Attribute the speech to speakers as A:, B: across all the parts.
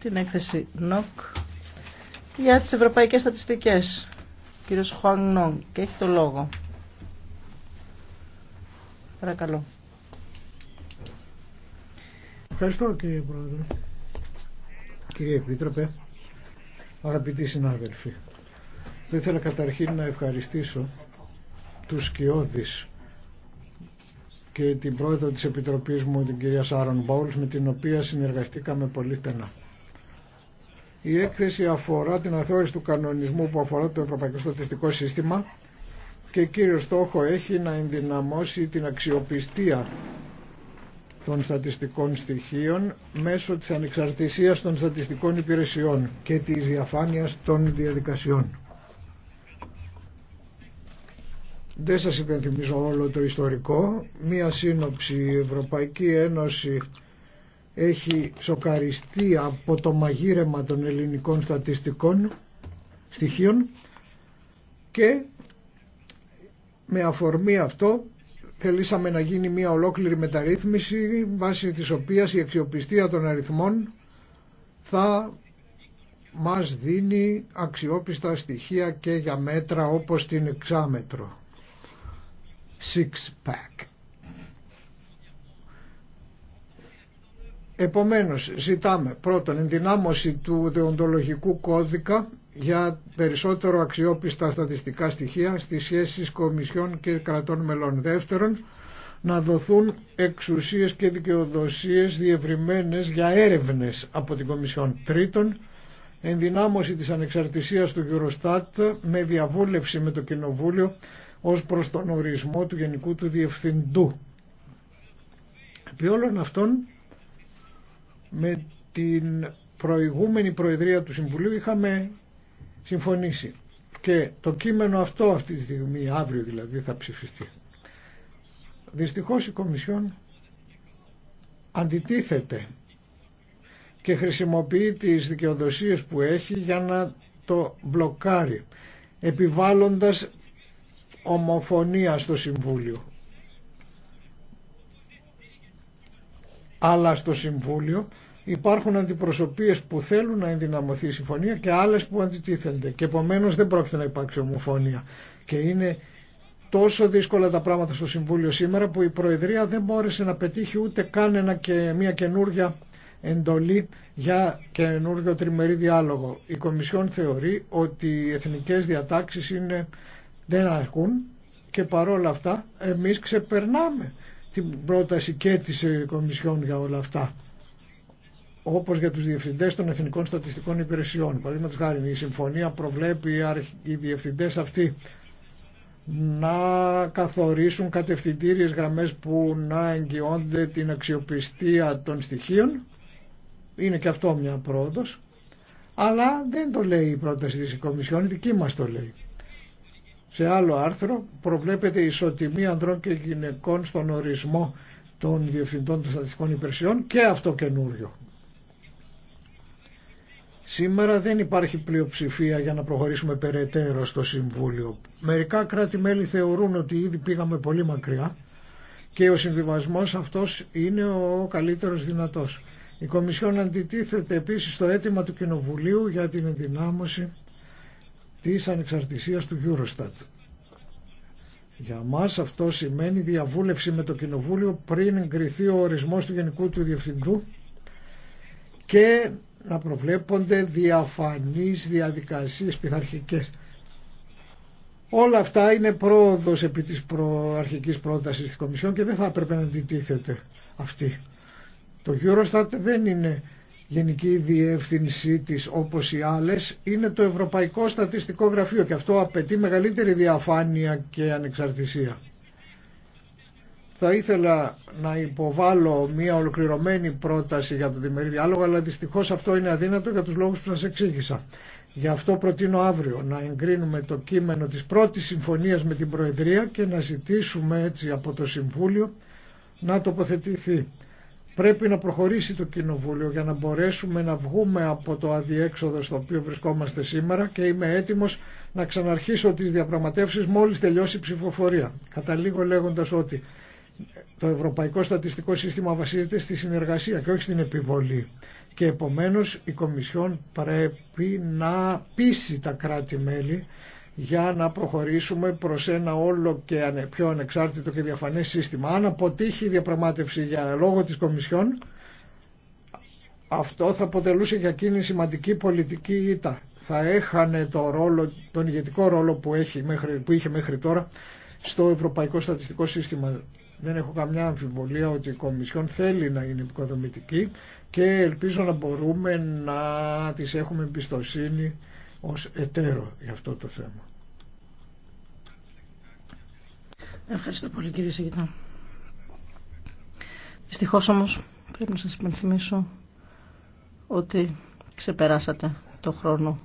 A: την έκθεση ΝΟΚ για τις ευρωπαϊκές στατιστικές. κύριος Χουάν Νόγκ και έχει το λόγο. Παρακαλώ. Ευχαριστώ κύριε Πρόεδρε.
B: Κύριε Επίτροπε, αγαπητοί συνάδελφοι. Θα ήθελα καταρχήν να ευχαριστήσω τους Σκιώδης και την πρόεδρο της Επιτροπής μου, την κυρία Σάρον Μπόλς, με την οποία συνεργαστήκαμε πολύ στενά. Η έκθεση αφορά την αθώριση του κανονισμού που αφορά το Ευρωπαϊκό Στατιστικό Σύστημα και κύριο στόχο έχει να ενδυναμώσει την αξιοπιστία των στατιστικών στοιχείων μέσω της ανεξαρτησίας των στατιστικών υπηρεσιών και της διαφάνειας των διαδικασιών. Δεν σας υπενθυμίζω όλο το ιστορικό. Μία σύνοψη Ευρωπαϊκή Ένωση έχει σοκαριστεί από το μαγείρεμα των ελληνικών στατιστικών στοιχείων και με αφορμή αυτό θελήσαμε να γίνει μια ολόκληρη μεταρρύθμιση βάσει της οποίας η αξιοπιστία των αριθμών θα μας δίνει αξιόπιστα στοιχεία και για μέτρα όπως την εξάμετρο. Six pack. Επομένως, ζητάμε πρώτον ενδυνάμωση του δεοντολογικού κώδικα για περισσότερο αξιόπιστα στατιστικά στοιχεία στις σχέσεις κομισιών και κρατών μελών. Δεύτερον, να δοθούν εξουσίες και δικαιοδοσίες διευρυμένες για έρευνες από την Κομισιόν. Τρίτον, ενδυνάμωση της ανεξαρτησίας του Eurostat με διαβούλευση με το Κοινοβούλιο ως προς τον ορισμό του Γενικού του Διευθυντού. Επί αυτών με την προηγούμενη Προεδρία του Συμβουλίου είχαμε συμφωνήσει. Και το κείμενο αυτό αυτή τη στιγμή, αύριο δηλαδή, θα ψηφιστεί. Δυστυχώς η Κομισιόν αντιτίθεται και χρησιμοποιεί τις δικαιοδοσίες που έχει για να το μπλοκάρει, επιβάλλοντας ομοφωνία στο Συμβούλιο. αλλά στο Συμβούλιο υπάρχουν αντιπροσωπείες που θέλουν να ενδυναμωθεί η συμφωνία και άλλες που αντιτίθενται και επομένως δεν πρόκειται να υπάρξει ομοφωνία και είναι τόσο δύσκολα τα πράγματα στο Συμβούλιο σήμερα που η Προεδρία δεν μπόρεσε να πετύχει ούτε καν και μια καινούργια εντολή για καινούργιο τριμερή διάλογο. Η Κομισιόν θεωρεί ότι οι εθνικές διατάξεις είναι, δεν αρκούν και παρόλα αυτά εμείς ξεπερνάμε την πρόταση και της ε, Κομισιόν για όλα αυτά. Όπως για τους διευθυντές των Εθνικών Στατιστικών Υπηρεσιών. Παραδείγματο χάρη, η συμφωνία προβλέπει οι διευθυντές αυτοί να καθορίσουν κατευθυντήριες γραμμές που να εγγυώνται την αξιοπιστία των στοιχείων. Είναι και αυτό μια πρόοδος. Αλλά δεν το λέει η πρόταση της Κομισιόν, η δική μας το λέει. Σε άλλο άρθρο προβλέπεται η ισοτιμή ανδρών και γυναικών στον ορισμό των διευθυντών των στατιστικών υπηρεσιών και αυτό καινούριο. Σήμερα δεν υπάρχει πλειοψηφία για να προχωρήσουμε περαιτέρω στο Συμβούλιο. Μερικά κράτη-μέλη θεωρούν ότι ήδη πήγαμε πολύ μακριά και ο συμβιβασμός αυτός είναι ο καλύτερος δυνατός. Η Κομισιόν αντιτίθεται επίσης στο αίτημα του Κοινοβουλίου για την ενδυνάμωση της ανεξαρτησίας του Eurostat. Για μας αυτό σημαίνει διαβούλευση με το Κοινοβούλιο πριν εγκριθεί ο ορισμός του Γενικού του Διευθυντού και να προβλέπονται διαφανείς διαδικασίες πειθαρχικές. Όλα αυτά είναι πρόοδος επί της αρχικής πρότασης της Κομισιόν και δεν θα έπρεπε να αντιτίθεται αυτή. Το Eurostat δεν είναι γενική διεύθυνση της όπως οι άλλες είναι το Ευρωπαϊκό Στατιστικό Γραφείο και αυτό απαιτεί μεγαλύτερη διαφάνεια και ανεξαρτησία. Θα ήθελα να υποβάλω μια ολοκληρωμένη πρόταση για το διμερή διάλογο, αλλά δυστυχώς αυτό είναι αδύνατο για τους λόγους που σας εξήγησα. Γι' αυτό προτείνω αύριο να εγκρίνουμε το κείμενο της πρώτης συμφωνίας με την Προεδρία και να ζητήσουμε έτσι από το Συμβούλιο να τοποθετηθεί πρέπει να προχωρήσει το Κοινοβούλιο για να μπορέσουμε να βγούμε από το αδιέξοδο στο οποίο βρισκόμαστε σήμερα και είμαι έτοιμος να ξαναρχίσω τις διαπραγματεύσεις μόλις τελειώσει η ψηφοφορία. Καταλήγω λέγοντας ότι το Ευρωπαϊκό Στατιστικό Σύστημα βασίζεται στη συνεργασία και όχι στην επιβολή και επομένως η Κομισιόν πρέπει να πείσει τα κράτη-μέλη για να προχωρήσουμε προς ένα όλο και πιο ανεξάρτητο και διαφανές σύστημα. Αν αποτύχει η διαπραγμάτευση για λόγο της Κομισιόν, αυτό θα αποτελούσε για εκείνη σημαντική πολιτική ήττα. Θα έχανε το ρόλο, τον ηγετικό ρόλο που, έχει, που είχε μέχρι τώρα στο Ευρωπαϊκό Στατιστικό Σύστημα. Δεν έχω καμιά αμφιβολία ότι η Κομισιόν θέλει να είναι επικοδομητική και ελπίζω να μπορούμε να της έχουμε εμπιστοσύνη ως εταίρο για αυτό το θέμα.
A: Ευχαριστώ πολύ κύριε Σιγητά. Δυστυχώ όμω πρέπει να σας υπενθυμίσω ότι ξεπεράσατε το χρόνο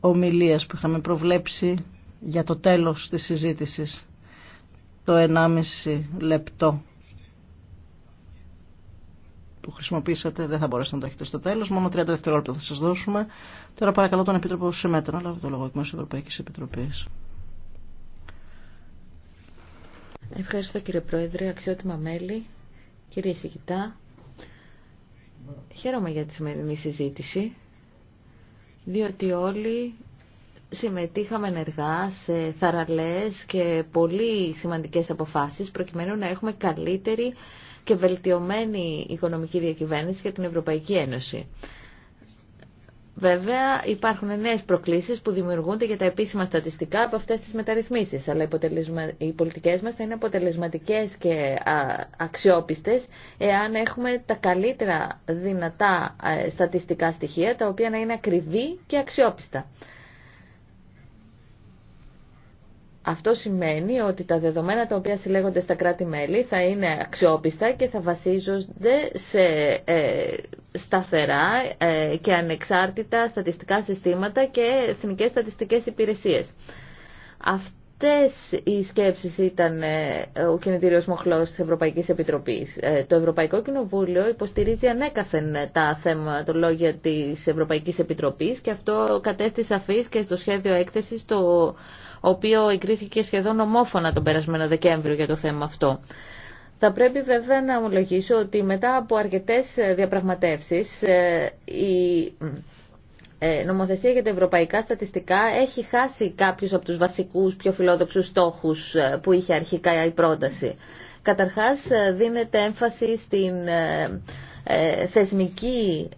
A: ομιλίας που είχαμε προβλέψει για το τέλος της συζήτησης. Το 1,5 λεπτό που χρησιμοποίησατε δεν θα μπορέσετε να το έχετε στο τέλος. Μόνο 30 δευτερόλεπτα θα σας δώσουμε. Τώρα παρακαλώ τον Επίτροπο Σεμέτα να λάβει το λόγο εκ μέρους της Ευρωπαϊκής Επιτροπής.
C: Ευχαριστώ κύριε Πρόεδρε, αξιότιμα μέλη, κύριε Σιγητά. Χαίρομαι για τη σημερινή συζήτηση, διότι όλοι συμμετείχαμε ενεργά σε θαραλές και πολύ σημαντικές αποφάσεις προκειμένου να έχουμε καλύτερη και βελτιωμένη οικονομική διακυβέρνηση για την Ευρωπαϊκή Ένωση. Βέβαια υπάρχουν νέε προκλήσει που δημιουργούνται για τα επίσημα στατιστικά από αυτέ τι μεταρρυθμίσεις, αλλά οι πολιτικέ μα θα είναι αποτελεσματικέ και αξιόπιστε, εάν έχουμε τα καλύτερα δυνατά ε, στατιστικά στοιχεία, τα οποία να είναι ακριβή και αξιόπιστα. Αυτό σημαίνει ότι τα δεδομένα τα οποία συλλέγονται στα κράτη-μέλη θα είναι αξιόπιστα και θα βασίζονται σε ε, σταθερά ε, και ανεξάρτητα στατιστικά συστήματα και εθνικές στατιστικές υπηρεσίες. Αυτές οι σκέψεις ήταν ε, ο κινητήριος μοχλός της Ευρωπαϊκής Επιτροπής. Το Ευρωπαϊκό Κοινοβούλιο υποστηρίζει ανέκαθεν τα θεματολόγια της Ευρωπαϊκής Επιτροπής και αυτό κατέστη σαφής και στο σχέδιο έκθεσης το ο οποίο εγκρίθηκε σχεδόν ομόφωνα τον περασμένο Δεκέμβριο για το θέμα αυτό. Θα πρέπει βέβαια να ομολογήσω ότι μετά από αρκετές ε, διαπραγματεύσεις ε, η ε, νομοθεσία για τα ευρωπαϊκά στατιστικά έχει χάσει κάποιους από τους βασικούς πιο φιλόδοξους στόχους που είχε αρχικά η πρόταση. Καταρχάς δίνεται έμφαση στην θεσμική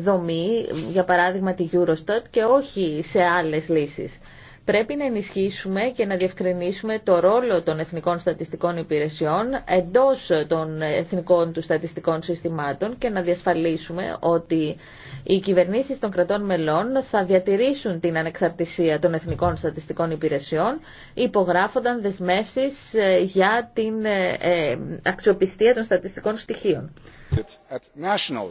C: δομή, για παράδειγμα τη Eurostat και όχι σε άλλες λύσεις πρέπει να ενισχύσουμε και να διευκρινίσουμε το ρόλο των εθνικών στατιστικών υπηρεσιών εντός των εθνικών του στατιστικών συστημάτων και να διασφαλίσουμε ότι οι κυβερνήσεις των κρατών μελών θα διατηρήσουν την ανεξαρτησία των εθνικών στατιστικών υπηρεσιών υπογράφονταν δεσμεύσεις ε, για την ε, ε, αξιοπιστία των στατιστικών στοιχείων.
B: At national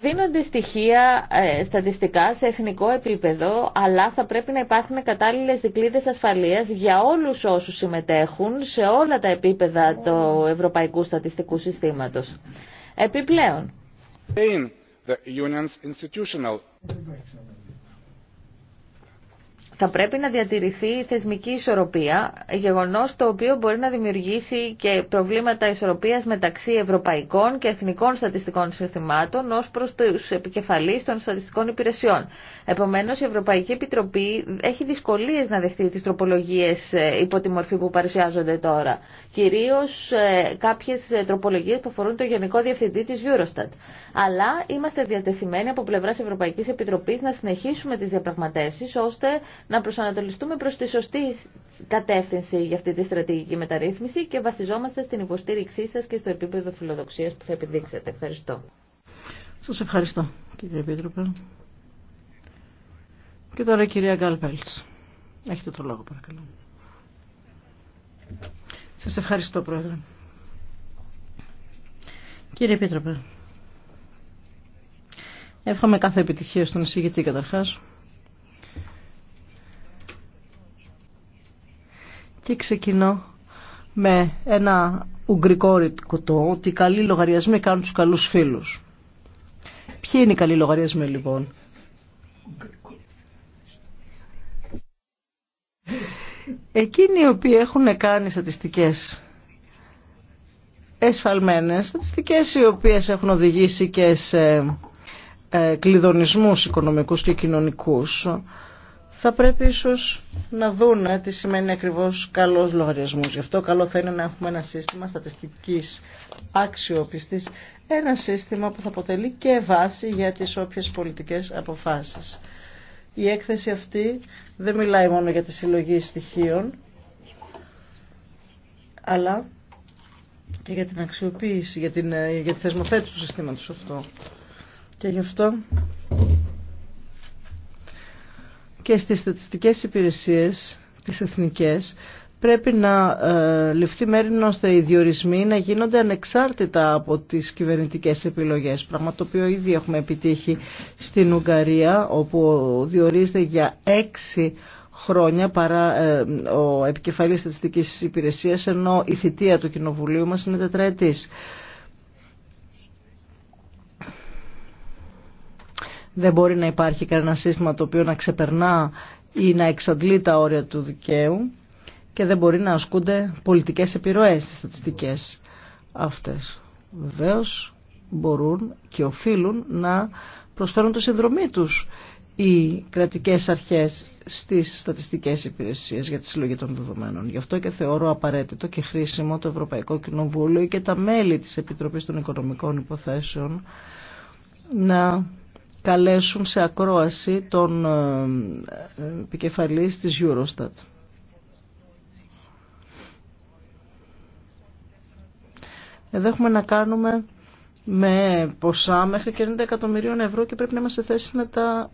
C: Δίνονται στοιχεία ε, στατιστικά σε εθνικό επίπεδο, αλλά θα πρέπει να υπάρχουν κατάλληλες δικλείδες ασφαλείας για όλους όσους συμμετέχουν σε όλα τα επίπεδα του Ευρωπαϊκού Στατιστικού Συστήματος. Επιπλέον, θα πρέπει να διατηρηθεί θεσμική ισορροπία, γεγονός το οποίο μπορεί να δημιουργήσει και προβλήματα ισορροπίας μεταξύ ευρωπαϊκών και εθνικών στατιστικών συστημάτων ως προς τους επικεφαλείς των στατιστικών υπηρεσιών. Επομένως, η Ευρωπαϊκή Επιτροπή έχει δυσκολίες να δεχτεί τις τροπολογίες ε, υπό τη μορφή που παρουσιάζονται τώρα. Κυρίως ε, κάποιες τροπολογίες που αφορούν το Γενικό Διευθυντή της Eurostat. Αλλά είμαστε διατεθειμένοι από πλευράς Ευρωπαϊκής Επιτροπής να συνεχίσουμε τις διαπραγματεύσεις ώστε να προσανατολιστούμε προς τη σωστή κατεύθυνση για αυτή τη στρατηγική μεταρρύθμιση και βασιζόμαστε στην υποστήριξή σας και στο επίπεδο φιλοδοξίας που θα επιδείξετε. Ευχαριστώ.
A: Σας ευχαριστώ κύριε Επίτροπε. Και τώρα η κυρία Γκάλπελτς. Έχετε το λόγο παρακαλώ. Σας ευχαριστώ πρόεδρε. Κύριε Επίτροπε, εύχομαι κάθε επιτυχία στον εισηγητή καταρχάς. και ξεκινώ με ένα ουγγρικό ρητικό ότι οι καλοί λογαριασμοί κάνουν τους καλούς φίλους. Ποιοι είναι οι καλοί λογαριασμοί λοιπόν. Εκείνοι οι οποίοι έχουν κάνει στατιστικές εσφαλμένες, στατιστικές οι οποίες έχουν οδηγήσει και σε ε, κλειδονισμούς οικονομικούς και κοινωνικούς, θα πρέπει ίσως να δούνε τι σημαίνει ακριβώς καλός λογαριασμός. Γι' αυτό καλό θα είναι να έχουμε ένα σύστημα στατιστικής αξιοπιστής, ένα σύστημα που θα αποτελεί και βάση για τις όποιες πολιτικές αποφάσεις. Η έκθεση αυτή δεν μιλάει μόνο για τη συλλογή στοιχείων, αλλά και για την αξιοποίηση, για, την, ε, για τη θεσμοθέτηση του συστήματος αυτό. Και γι' αυτό και στις στατιστικές υπηρεσίες, τις εθνικές, πρέπει να ε, ληφθεί μέρη ώστε οι διορισμοί να γίνονται ανεξάρτητα από τις κυβερνητικές επιλογές, πράγμα το οποίο ήδη έχουμε επιτύχει στην Ουγγαρία, όπου διορίζεται για έξι χρόνια παρά ε, ο επικεφαλής στατιστικής υπηρεσίας, ενώ η θητεία του Κοινοβουλίου μας είναι τετραετής. Δεν μπορεί να υπάρχει κανένα σύστημα το οποίο να ξεπερνά ή να εξαντλεί τα όρια του δικαίου και δεν μπορεί να ασκούνται πολιτικές επιρροές στις στατιστικές αυτές. Βεβαίω, μπορούν και οφείλουν να προσφέρουν το συνδρομή τους οι κρατικές αρχές στις στατιστικές υπηρεσίες για τη συλλογή των δεδομένων. Γι' αυτό και θεωρώ απαραίτητο και χρήσιμο το Ευρωπαϊκό Κοινοβούλιο και τα μέλη της Επιτροπής των Οικονομικών Υποθέσεων να καλέσουν σε ακρόαση τον ε, επικεφαλής της Eurostat. Εδώ έχουμε να κάνουμε με ποσά μέχρι και 90 εκατομμυρίων ευρώ και πρέπει να είμαστε θέση να τα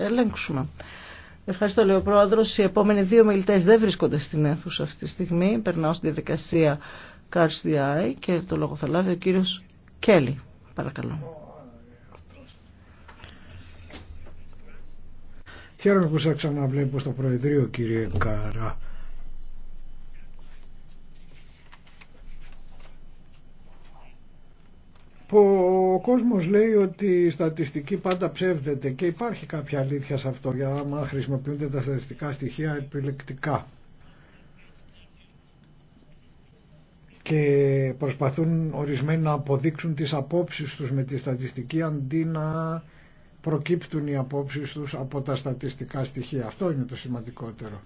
A: ε, ελέγξουμε. Ευχαριστώ, λέει ο Οι επόμενοι δύο μιλητέ δεν βρίσκονται στην αίθουσα αυτή τη στιγμή. Περνάω στη διαδικασία Cars και το λόγο θα λάβει ο κύριο Κέλλη. Παρακαλώ.
B: Χαίρομαι που σας ξαναβλέπω στο Προεδρείο κύριε Καρά. Ο κόσμος λέει ότι η στατιστική πάντα ψεύδεται και υπάρχει κάποια αλήθεια σε αυτό για άμα χρησιμοποιούνται τα στατιστικά στοιχεία επιλεκτικά. και προσπαθούν ορισμένοι να αποδείξουν τις απόψεις τους με τη στατιστική αντί να προκύπτουν οι απόψεις τους από τα στατιστικά στοιχεία. Αυτό είναι το σημαντικότερο.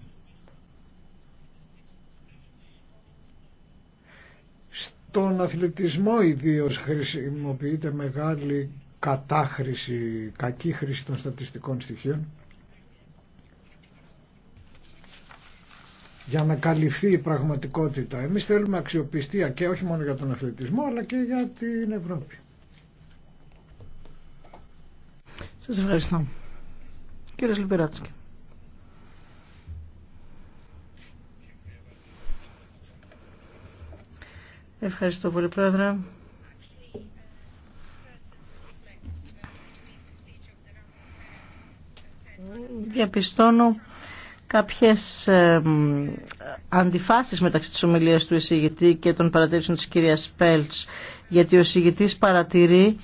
B: Στον αθλητισμό ιδίω χρησιμοποιείται μεγάλη κατάχρηση, κακή χρήση των στατιστικών στοιχείων για να καλυφθεί η πραγματικότητα. Εμείς θέλουμε αξιοπιστία και όχι μόνο για τον αθλητισμό αλλά και για την Ευρώπη.
A: Σας ευχαριστώ. Κύριε Λιπεράτσικη. Ευχαριστώ πολύ πρόεδρε. Διαπιστώνω κάποιες Αντιφάσει μεταξύ της ομιλίας του εισηγητή και των παρατήρησεων της κυρίας Πέλτς γιατί ο εισηγητής παρατηρεί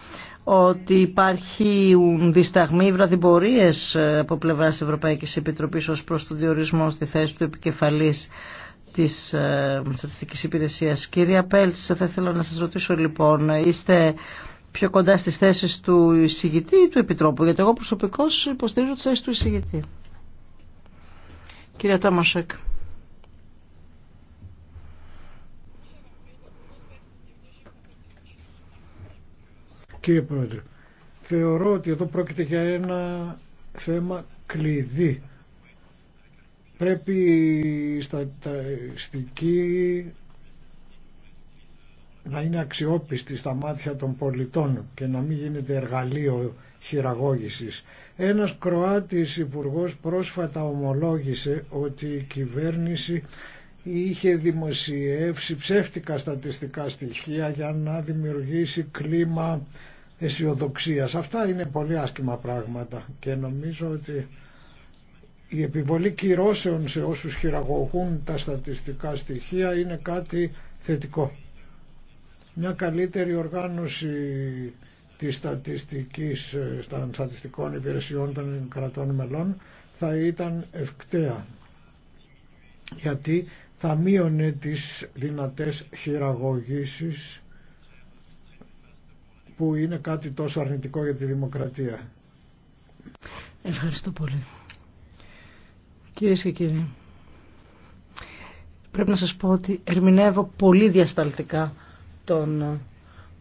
A: ότι υπάρχουν δισταγμοί βραδιμπορίες ε, από πλευρά της Ευρωπαϊκής Επιτροπής ως προς τον διορισμό στη θέση του επικεφαλής της ε, Στατιστικής Υπηρεσίας. Κυρία Πέλτς, θα ήθελα να σας ρωτήσω λοιπόν, είστε πιο κοντά στις θέσεις του εισηγητή ή του Επιτρόπου, γιατί εγώ προσωπικώς υποστηρίζω τις θέσεις του εισηγητή. Κυρία Τόμασεκ. Κύριε Πρόεδρε, θεωρώ
B: ότι εδώ πρόκειται για ένα θέμα κλειδί. Πρέπει στα στατιστική να είναι αξιόπιστη στα μάτια των πολιτών και να μην γίνεται εργαλείο χειραγώγησης. Ένας Κροάτης υπουργός πρόσφατα ομολόγησε ότι η κυβέρνηση είχε δημοσιεύσει ψεύτικα στατιστικά στοιχεία για να δημιουργήσει κλίμα αισιοδοξία. Αυτά είναι πολύ άσχημα πράγματα και νομίζω ότι η επιβολή κυρώσεων σε όσους χειραγωγούν τα στατιστικά στοιχεία είναι κάτι θετικό. Μια καλύτερη οργάνωση της στατιστικής, ε, των στατιστικών υπηρεσιών των κρατών μελών θα ήταν ευκταία γιατί θα μείωνε τις δυνατές χειραγωγήσεις που είναι κάτι τόσο αρνητικό για τη δημοκρατία.
A: Ευχαριστώ πολύ. Κυρίες και κύριοι, πρέπει να σας πω ότι ερμηνεύω πολύ διασταλτικά τον ε,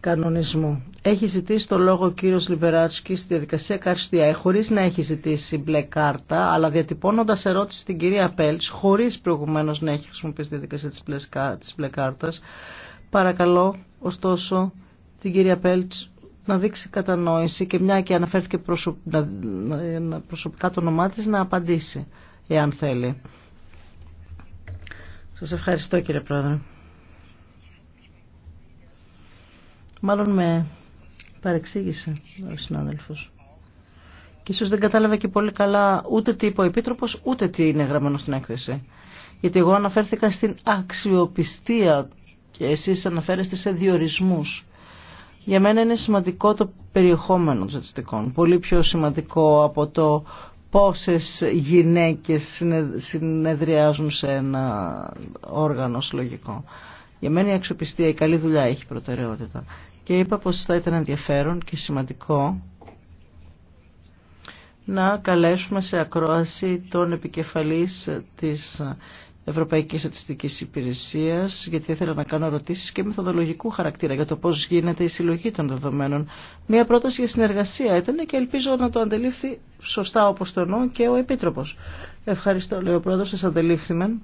A: κανονισμό. Έχει ζητήσει το λόγο ο κύριος Λιβεράτσκι στη διαδικασία Καρστία, χωρίς να έχει ζητήσει μπλε κάρτα, αλλά διατυπώνοντας ερώτηση στην κυρία Πέλτς, χωρίς προηγουμένως να έχει χρησιμοποιήσει τη διαδικασία της μπλε κάρτας, παρακαλώ ωστόσο την κυρία Πέλτς να δείξει κατανόηση και μια και αναφέρθηκε προσωπικά το όνομά της να απαντήσει εάν θέλει. Σας ευχαριστώ κύριε Πρόεδρε. Μάλλον με παρεξήγησε ο συνάδελφος. Και ίσως δεν κατάλαβα και πολύ καλά ούτε τι είπε ο Επίτροπος, ούτε τι είναι γραμμένο στην έκθεση. Γιατί εγώ αναφέρθηκα στην αξιοπιστία και εσείς αναφέρεστε σε διορισμούς. Για μένα είναι σημαντικό το περιεχόμενο των στατιστικών. Πολύ πιο σημαντικό από το πόσες γυναίκες συνεδριάζουν σε ένα όργανο συλλογικό. Για μένα η αξιοπιστία, η καλή δουλειά έχει προτεραιότητα. Και είπα πως θα ήταν ενδιαφέρον και σημαντικό να καλέσουμε σε ακρόαση τον επικεφαλής της Ευρωπαϊκής Στατιστικής Υπηρεσίας, γιατί ήθελα να κάνω ερωτήσεις και μεθοδολογικού χαρακτήρα για το πώς γίνεται η συλλογή των δεδομένων. Μία πρόταση για συνεργασία ήταν και ελπίζω να το αντελήφθη σωστά όπως το εννοώ και ο Επίτροπος. Ευχαριστώ, λέει ο Πρόεδρος, σας αντελήφθημεν.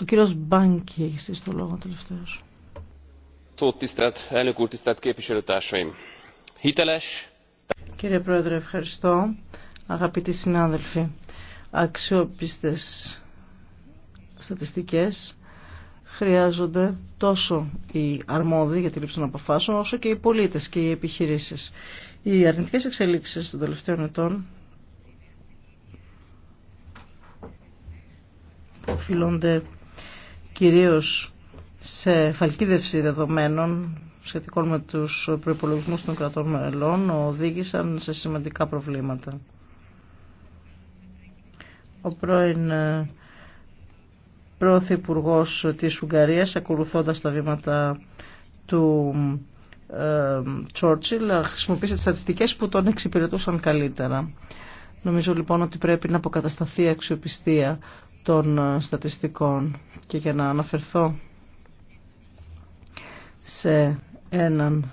A: Ο κύριος Μπάνκι έχει στήσει το λόγο τελευταίος. Κύριε Πρόεδρε, ευχαριστώ. Αγαπητοί συνάδελφοι, αξιόπιστες στατιστικές χρειάζονται τόσο οι αρμόδιοι για τη λήψη των αποφάσεων όσο και οι πολίτες και οι επιχειρήσεις. Οι αρνητικές εξελίξεις των τελευταίων ετών οφείλονται κυρίως σε φαλκίδευση δεδομένων σχετικών με τους προϋπολογισμούς των κρατών μελών οδήγησαν σε σημαντικά προβλήματα ο πρώην ε, πρωθυπουργός της Ουγγαρίας ακολουθώντας τα βήματα του Τσόρτσιλ ε, ε, χρησιμοποίησε τις στατιστικές που τον εξυπηρετούσαν καλύτερα. Νομίζω λοιπόν ότι πρέπει να αποκατασταθεί η αξιοπιστία των στατιστικών και για να αναφερθώ σε έναν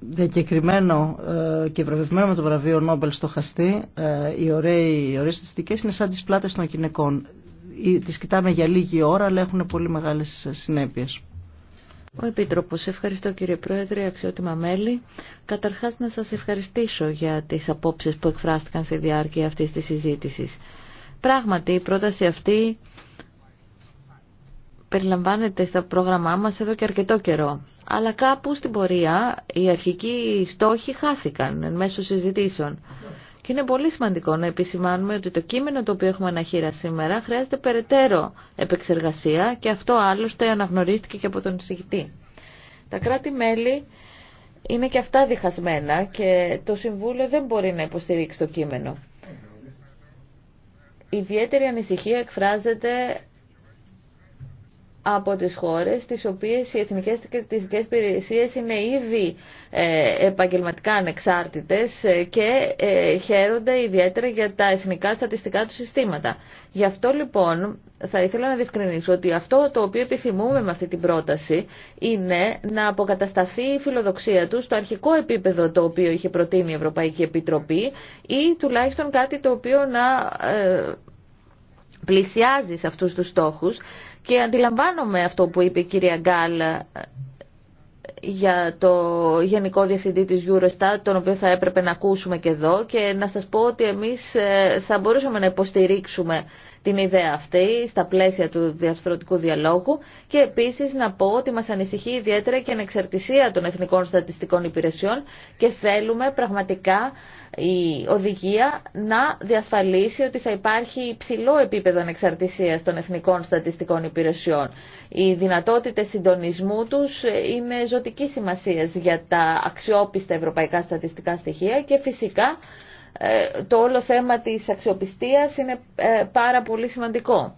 A: διακεκριμένο ε, και βραβευμένο με το βραβείο Νόμπελ στο Χαστή, ε, οι ωραίες στατιστικές είναι σαν τις πλάτες των γυναικών. Τις κοιτάμε για λίγη ώρα, αλλά έχουν πολύ μεγάλες συνέπειες.
C: Ο Επίτροπος, ευχαριστώ κύριε Πρόεδρε, αξιότιμα μέλη. Καταρχάς να σας ευχαριστήσω για τις απόψεις που εκφράστηκαν στη διάρκεια αυτής της συζήτησης. Πράγματι, η πρόταση αυτή περιλαμβάνεται στα πρόγραμμά μας εδώ και αρκετό καιρό. Αλλά κάπου στην πορεία οι αρχικοί στόχοι χάθηκαν εν μέσω συζητήσεων. Και είναι πολύ σημαντικό να επισημάνουμε ότι το κείμενο το οποίο έχουμε αναχείρα σήμερα χρειάζεται περαιτέρω επεξεργασία και αυτό άλλωστε αναγνωρίστηκε και από τον εισηγητή. Τα κράτη-μέλη είναι και αυτά διχασμένα και το Συμβούλιο δεν μπορεί να υποστηρίξει το κείμενο. Η ιδιαίτερη ανησυχία εκφράζεται από τις χώρες τις οποίες οι εθνικές στατιστικές υπηρεσίε είναι ήδη ε, επαγγελματικά ανεξάρτητες ε, και ε, χαίρονται ιδιαίτερα για τα εθνικά στατιστικά του συστήματα. Γι' αυτό λοιπόν θα ήθελα να διευκρινίσω ότι αυτό το οποίο επιθυμούμε με αυτή την πρόταση είναι να αποκατασταθεί η φιλοδοξία του στο αρχικό επίπεδο το οποίο είχε προτείνει η Ευρωπαϊκή Επιτροπή ή τουλάχιστον κάτι το οποίο να πλησιάζει σε αυτούς τους στόχους και αντιλαμβάνομαι αυτό που είπε η κυρία Γκάλ ε, για το Γενικό Διευθυντή της Eurostat, τον οποίο θα έπρεπε να ακούσουμε και εδώ και να σας πω ότι εμείς ε, θα μπορούσαμε να υποστηρίξουμε την ιδέα αυτή στα πλαίσια του διαφθορωτικού διαλόγου και επίσης να πω ότι μας ανησυχεί ιδιαίτερα και η ανεξαρτησία των Εθνικών Στατιστικών Υπηρεσιών και θέλουμε πραγματικά η οδηγία να διασφαλίσει ότι θα υπάρχει υψηλό επίπεδο ανεξαρτησίας των εθνικών στατιστικών υπηρεσιών. Οι δυνατότητες συντονισμού τους είναι ζωτική σημασία για τα αξιόπιστα ευρωπαϊκά στατιστικά στοιχεία και φυσικά ε, το όλο θέμα της αξιοπιστίας είναι ε, πάρα πολύ σημαντικό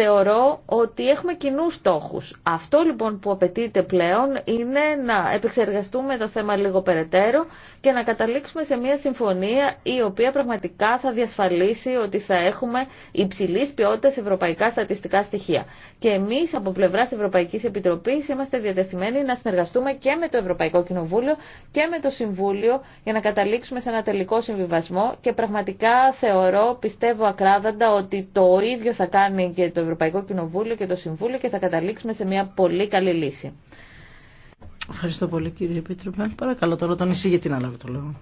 C: θεωρώ ότι έχουμε κοινού στόχου. Αυτό λοιπόν που απαιτείται πλέον είναι να επεξεργαστούμε το θέμα λίγο περαιτέρω και να καταλήξουμε σε μια συμφωνία η οποία πραγματικά θα διασφαλίσει ότι θα έχουμε υψηλή ποιότητα ευρωπαϊκά στατιστικά στοιχεία. Και εμεί από πλευρά Ευρωπαϊκή Επιτροπή είμαστε διατεθειμένοι να συνεργαστούμε και με το Ευρωπαϊκό Κοινοβούλιο και με το Συμβούλιο για να καταλήξουμε σε ένα τελικό συμβιβασμό και πραγματικά θεωρώ, πιστεύω ακράδαντα ότι το ίδιο θα κάνει και το Ευρωπαϊκό Κοινοβούλιο και το Συμβούλιο και θα καταλήξουμε σε μια πολύ καλή λύση.
A: Ευχαριστώ πολύ κύριε Επίτροπε. Παρακαλώ τώρα τον εισηγητή να λάβει το λόγο.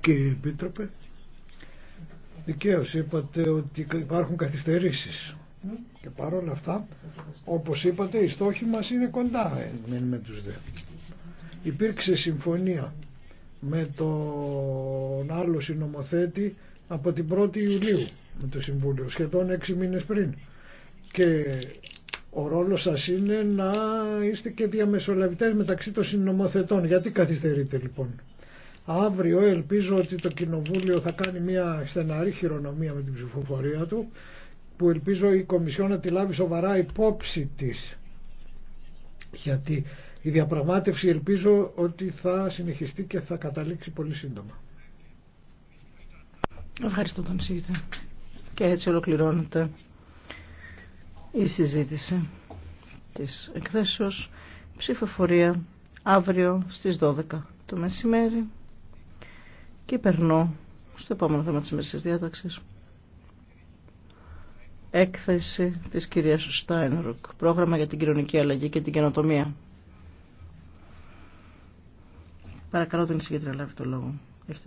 B: Κύριε Επίτροπε, δικαίως είπατε ότι υπάρχουν καθυστερήσεις. Και παρόλα αυτά, όπως είπατε, οι στόχοι μα είναι κοντά ε, με τους δε. Υπήρξε συμφωνία με τον άλλο συνομοθέτη από την 1η Ιουλίου με το Συμβούλιο, σχεδόν έξι μήνες πριν. Και ο ρόλος σας είναι να είστε και διαμεσολαβητές μεταξύ των συνομοθετών. Γιατί καθυστερείτε λοιπόν. Αύριο ελπίζω ότι το Κοινοβούλιο θα κάνει μια στεναρή χειρονομία με την ψηφοφορία του που ελπίζω η Κομισιόν να τη λάβει σοβαρά υπόψη της. Γιατί η διαπραγμάτευση ελπίζω ότι θα συνεχιστεί και θα καταλήξει πολύ σύντομα.
A: Ευχαριστώ τον Σίγητα. Και έτσι ολοκληρώνεται η συζήτηση της εκθέσεως ψηφοφορία αύριο στις 12 το μεσημέρι και περνώ στο επόμενο θέμα της μέσης διάταξης έκθεση της κυρίας Στάινρουκ πρόγραμμα για την κοινωνική αλλαγή και την καινοτομία Παρακαλώ τον να λάβει το λόγο.